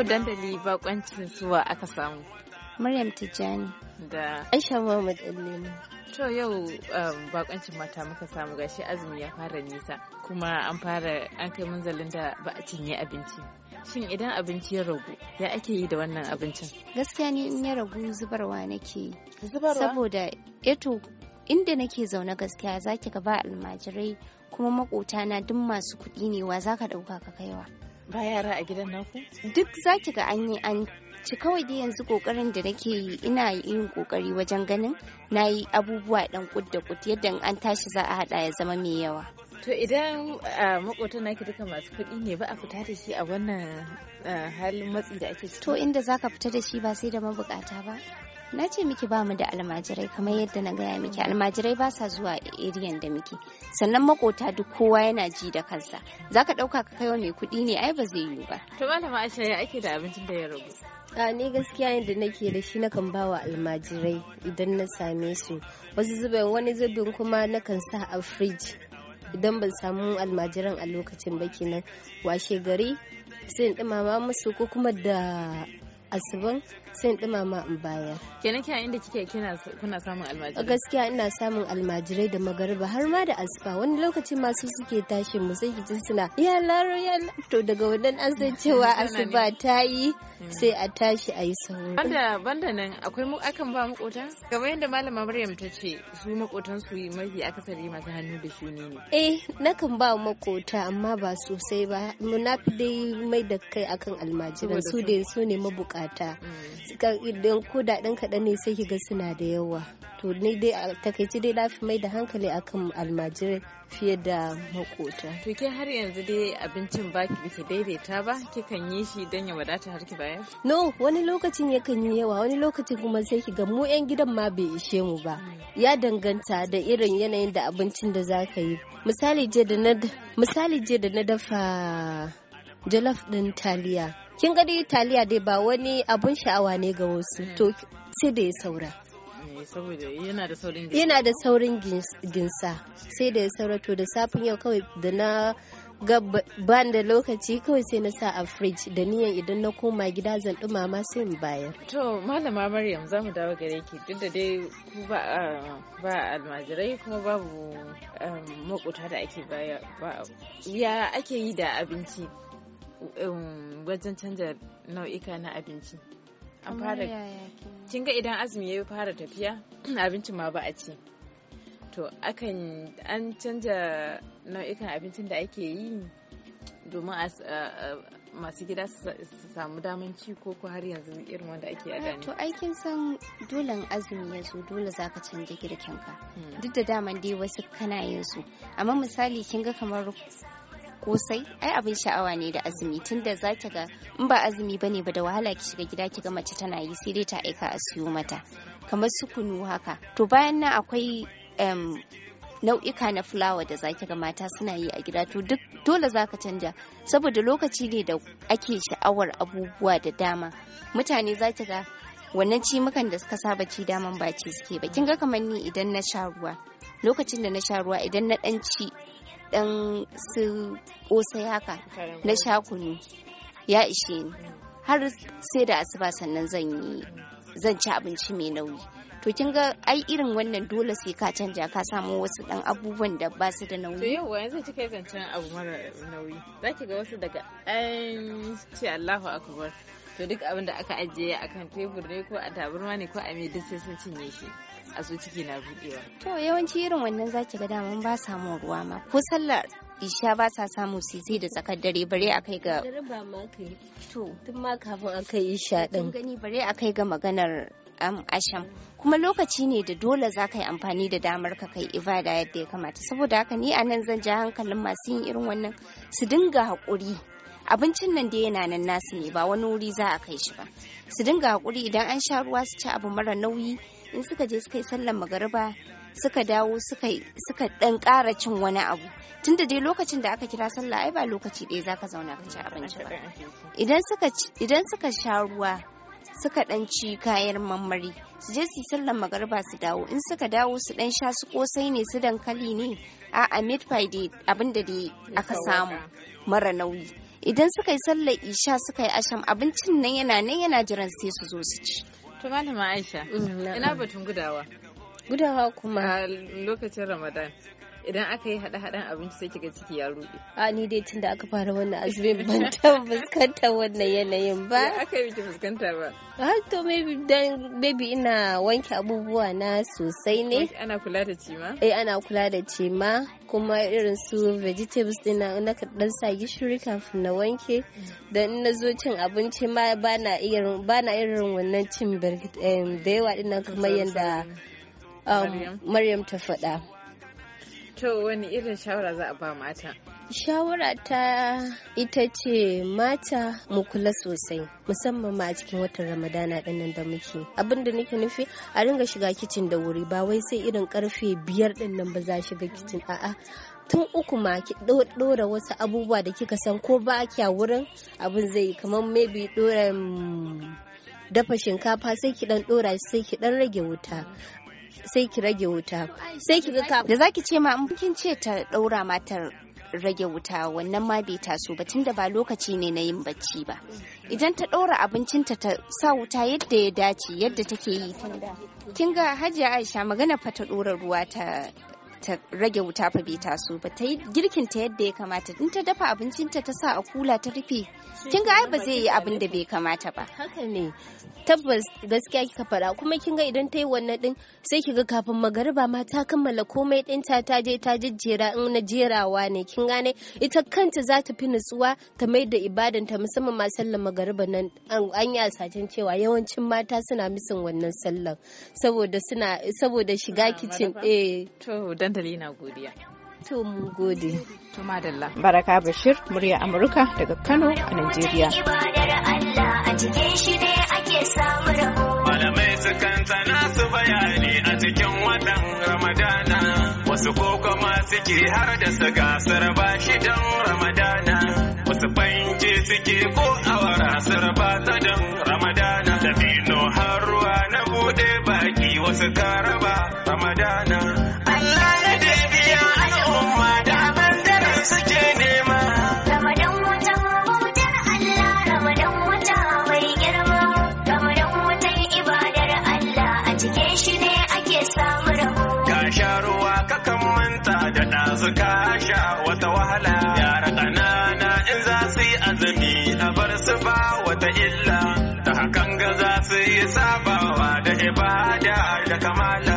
yau dandali bakoncin suwa aka samu. Maryam Tijjani. Da. Aisha Muhammad Alimu. To yau um, bakoncin mata muka samu gashi azumi ya fara nisa kuma an fara an kai munzalin da ba a cinye abinci. Shin idan abinci ya ragu ya ake yi da wannan abincin? Gaskiya ni in ya ragu zubarwa nake yi. Zubarwa? Saboda eto eh inda nake zaune gaskiya zaki ga ba almajirai kuma makotana duk masu kuɗi ne wa zaka ɗauka ka kaiwa. ba yara a gidan naku duk zaki ga an yi an ci kawai dai yanzu kokarin da nake yi ina yin kokari wajen ganin na yi abubuwa dan kud da kud yadda an tashi za a hada ya zama mai yawa to idan makotan naki duka masu kuɗi ne ba a fita da shi a wannan halin matsi da ake ciki to inda zaka fita da shi ba sai da mabukata ba na ce miki ba mu da almajirai kamar yadda na gaya miki almajirai ba sa zuwa eriyan da miki sannan makota duk kowa yana ji da kansa za ka ɗauka ka kaiwa mai kuɗi ne ai ba zai yi ba to malama ashe ya ake da abincin da ya rabu a ni gaskiya yadda nake da shi nakan ba wa almajirai idan na same su wasu zubin wani zubin kuma nakan sa a firij idan ban samu almajiran a lokacin ba kenan washe gari sai in ɗumama musu ko kuma da asibin sai dumama in bayar kenan kiyaye inda kike kina kuna samun almajirai gaskiya ina samun almajirai da magariba har ma da asuba wani lokaci masu suke tashi mu sai ki suna ya laro ya to daga wannan an san cewa asuba ta yi Mm. sai a tashi a yi sauri. Banda banda nan akwai mu akan ba makota? Kamar yadda malama Maryam ta ce su makotan su mafi akasari masu hannu da shi ne. Eh nakan ba makota amma ba sosai ba na fi dai mai da kai akan almajiran su da su ne mabukata. Mm. Idan ko da ɗan kaɗan ne sai ki ga suna da yawa. To ni dai a takaici dai na fi mai da hankali akan almajirai fiye da makota. To ke har yanzu dai abincin baki ki daidaita ba kikan yi shi don ya wadata har ki bayar? No wani lokacin yakan yi yawa wani lokacin kuma sai ki ga mu yan gidan ma bai ishe mu ba. Hmm. Ya danganta da irin yanayin da abincin da za ka yi. Misali je da na dafa jalaf din taliya. Kin ga dai taliya dai ba wani abun sha'awa ne ga wasu. Hmm. To sai da ya saura. yana da saurin ginsa sai da ya saurato da safin yau kawai da na ga ban da lokaci kawai sai na sa a fridge da niyan idan na koma gida zan dumama sai in bayar to malama maryam za mu dawo gare ki duk da dai ku ba ba almajirai kuma babu um, makuta da ake baya ya ake yi da abinci um, wajen canja nau'ika na abinci an fara kin ga idan azumi ya fara tafiya abincin ma ba a ci to akan an canja nau'ikan abincin da ake yi domin masu gida su samu daman ci ko ko har yanzu irin wanda ake a eh, to aikin san dole azumi ya zo dole zaka canja girkin ka hmm. duk da daman dai wasu kana yin su amma misali kin ga kamar kosai ai abin sha'awa ne da azumi tun da za ki ga in ba azumi ba ne ba da wahala ki shiga gida ki ga mace tana yi sai dai ta aika a siyo mata kamar su kunu haka to bayan nan akwai nau'ika na fulawa da zaki ga mata suna yi a gida to duk dole zaka canja saboda lokaci ne da ake sha'awar abubuwa da dama mutane za ga wannan cimukan da suka saba ci daman ba ci suke ba kin ga kamar ni idan na sha ruwa lokacin da na sha ruwa idan na dan dan su haka na sha ya ishe ni har sai da asuba sannan zan yi zan ci abinci mai nauyi to kin ga ai irin wannan dole sai ka canja ka samu wasu dan abubuwan da ba su da nauyi to yau yanzu kai zancen abu mara nauyi zaki ga wasu daga an ce Allahu akbar to duk abin da aka ajiye akan tebur ne ko a taburwa ne ko a me duk sai sun cinye shi a zo ciki na budewa to yawanci irin wannan zaki ga daman ba samun ruwa ma ko sallar isha ba sa samu sisi da tsakar dare bare a kai ga ba ma kai to tun ma kafin a kai isha din gani bare a kai ga maganar am um, asham kuma lokaci ne da dole za ka yi amfani da damar ka kai ibada yadda ya kamata saboda haka ni a nan zan ja hankalin masu yin irin wannan su dinga haƙuri abincin nan da yana nan nasu ne ba wani wuri za a kai shi ba su dinga haƙuri idan an sha ruwa su ci abu mara nauyi in suka je suka yi sallan magariba suka dawo suka dan ƙara cin wani abu tun da dai lokacin da aka kira sallah ai ba lokaci ɗaya zaka zauna ka ci abinci ba idan suka sha ruwa suka dan ci kayan mammari su je su sallan magariba su dawo in suka dawo su dan sha su kosai ne su dankali ne a a mid dai abinda dai aka samu mara nauyi idan suka yi sallar isha suka yi asham abincin nan yana nan yana jiran sai su zo su ci To Malama Aisha, mm, ina batun gudawa. Gudawa kuma. A lokacin Ramadan. idan aka yi haɗe hadan abinci sai kiga ciki ya ruɗe. A ni dai tunda aka fara wannan azumin ban taɓa fuskantar wannan yanayin ba. Aka yi miki fuskanta ba. ha to maybe dan baby ina wanke abubuwa na sosai ne. Ana kula da cima? Eh ana kula da cima kuma irin su vegetables dina na ka dan sa gishiri kafin na wanke da in na zo cin abinci ma bana irin na irin wannan cin da yawa dinnan kamar yadda um, Maryam ta faɗa. To wani irin shawara za a ba mata? Shawara ta ita ce mata mu kula sosai musamman ma a cikin watan Ramadana dinnan da muke. Abin da nake nufi a ringa shiga kicin da wuri ba wai sai irin karfe biyar dinnan ba za shiga kicin a'a tun uku ma ki dora wasu abubuwa da kika san ko ba kya wurin abin zai kamar maybe dora dafa shinkafa sai ki dan dora sai ki dan rage wuta sai ki rage wuta sai ki ga da zaki ce ma kin ce ta ɗaura matar rage wuta wannan ma bai taso ba tunda ba lokaci ne na yin bacci ba idan ta ɗaura abincinta ta sa wuta yadda ya dace yadda take yi kin ga hajiya aisha magana fa ta ɗora ruwa ta ta rage wuta fa bai taso ba ta yi girkin ta yadda ya kamata in ta dafa abincin ta ta sa a kula ta rufe kin ga ai ba zai yi abin da bai kamata ba haka ne tabbas gaskiya kika faɗa kuma kin ga idan ta yi wannan din sai kiga kafin magariba ma ta kammala komai din ta ta je ta jejjera in na jerawa ne kin gane ita kanta za ta fi nutsuwa ta mai da ibadan ta musamman ma sallar magariba nan an yi asacen cewa yawancin mata suna misin wannan sallar saboda suna saboda shiga kicin eh to dandali na godiya. To mu gode. To madalla. Baraka Bashir, murya Amurka daga Kano a Najeriya. Malamai sukan tsana su bayani a cikin watan Ramadana. Wasu ko kuma suke har da su gasar bashi don Ramadana. Wasu fanke suke ko awara sarba ta don Ramadana. Da har ruwa na bude baki wasu karaba Ramadana. su ka wata wahala yara ƙanana in za su yi azumi a bar su ba wata illa ta hakan ga za su yi sabawa da ibada da kamala